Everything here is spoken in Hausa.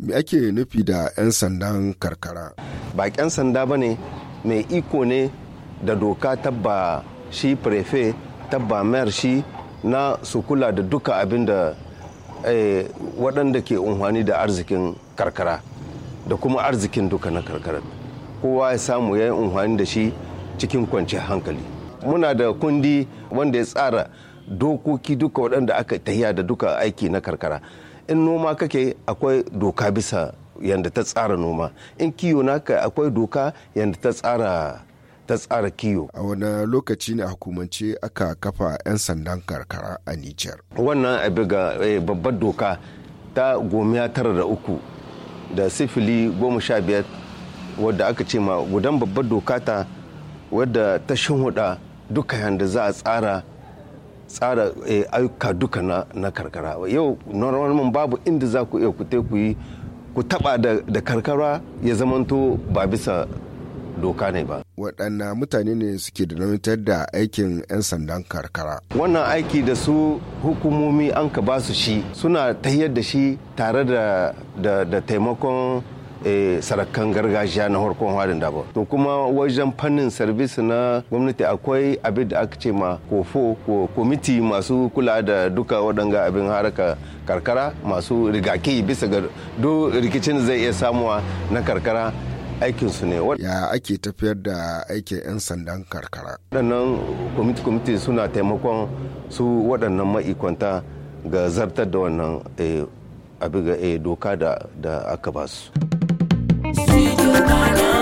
me ake nufi da 'yan sandan karkara ba 'yan sanda ba ne mai iko ne da doka tabba shi prefe tabba mayar shi na su kula da duka abin da eh, waɗanda ke unhwani da arzikin karkara da kuma arzikin duka na karkara kowa ya samu ya yi unhwani da shi cikin kwanciyar hankali muna da kundi wanda ya tsara dokoki duka waɗanda aka tahiya da duka aiki na karkara in noma kake akwai doka bisa yadda ta tsara noma in kiyo naka akwai doka yadda ta tsara ta tsara kiyo. A wani lokaci ne a hukumance aka kafa 'yan sandan karkara a Nijar. Wannan abu ga eh, babbar doka ta gomiya tara da uku da sifili goma sha biyar wadda aka ce ma gudan babbar doka ta wadda ta shinhuda duka yadda za a tsara tsara eh, ayyuka duka na karkara yau normal babu inda za ku iya ku ku yi ku taba da karkara ya zamanto ba bisa doka ne ba. waɗanne mutane ne suke da nautar da aikin 'yan sandan karkara. Wannan aiki da su hukumomi an ka su shi suna tahiyar da shi tare da taimakon Eh, sarakan gargajiya na harkon harin ba to kuma wajen fannin sarbis na gwamnati akwai abin da aka ce ma kofo ko komiti masu kula da duka waɗanga abin haraka karkara masu rigaki bisa ga duk rikicin zai iya samuwa na karkara aikinsu ne ya ake tafiyar da aikin 'yan sandan karkara waɗannan kwamiti-kwamiti suna taimakon su waɗannan ma'ikwanta ga zartar da wannan eh, abu eh, doka da aka basu Sweet Romana.